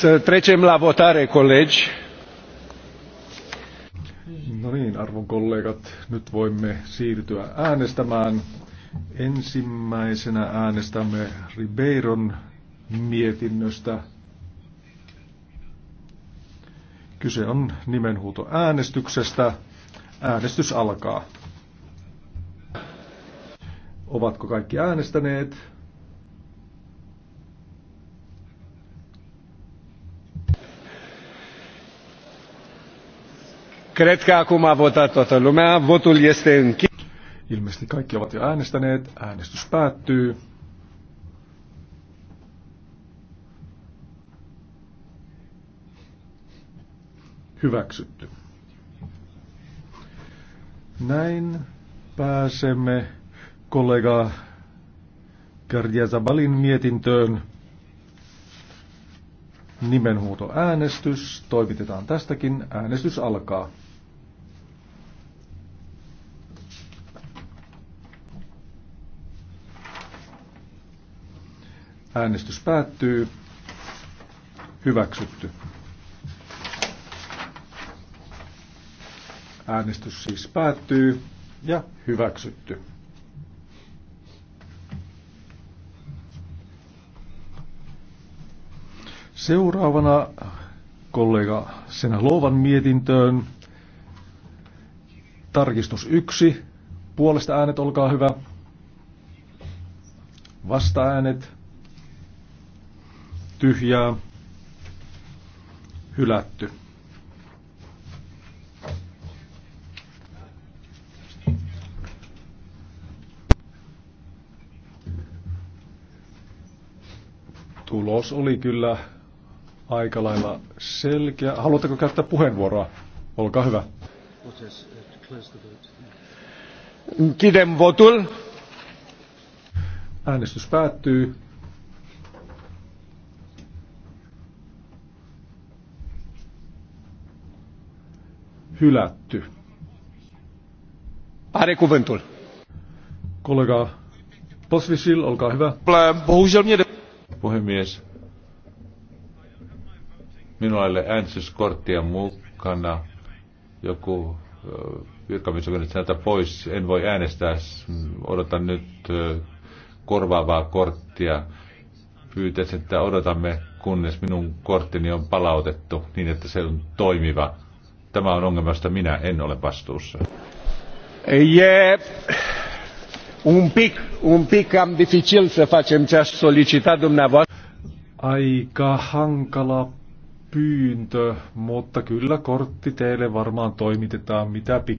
Să trecem la votare, colegi. No niin, arvon kollegat, nyt voimme siirtyä äänestämään. Ensimmäisenä äänestämme Ribeiron mietinnöstä. Kyse on nimenhuuto äänestyksestä. Äänestys alkaa. Ovatko kaikki äänestäneet? Cred că acum a votat toată lumea. Votul este închis. Ilmeisesti kaikki ovat jo äänestäneet. Äänestys päättyy. Hyväksytty. Näin pääsemme kollega Gardia Zabalin mietintöön. äänestys. toimitetaan tästäkin. Äänestys alkaa. Äänestys päättyy. Hyväksytty. Äänestys siis päättyy ja hyväksytty. Seuraavana kollega Sena Louvan mietintöön. Tarkistus yksi Puolesta äänet, olkaa hyvä. Vasta äänet tyhjää, hylätty. Tulos oli kyllä aika lailla selkeä. Haluatteko käyttää puheenvuoroa? Olkaa hyvä. Kidem votul. Äänestys päättyy. hylätty. Are cuvântul. Kollega Posvisil, olkaa hyvä. Bohužel Puhemies, minulla ei ole äänestyskorttia mukana. Joku virkamies on sieltä pois. En voi äänestää. Odotan nyt korvaavaa korttia. Pyytäisin, että odotamme, kunnes minun korttini on palautettu niin, että se on toimiva. Tämä on ongelma, josta minä en ole vastuussa. Yeah. Un pic, un pic am dificil să facem ce aș solicita dumneavoastră. Aika hankala pyyntö, mutta kyllä kortti teille varmaan toimitetaan mitä pikkuisesti.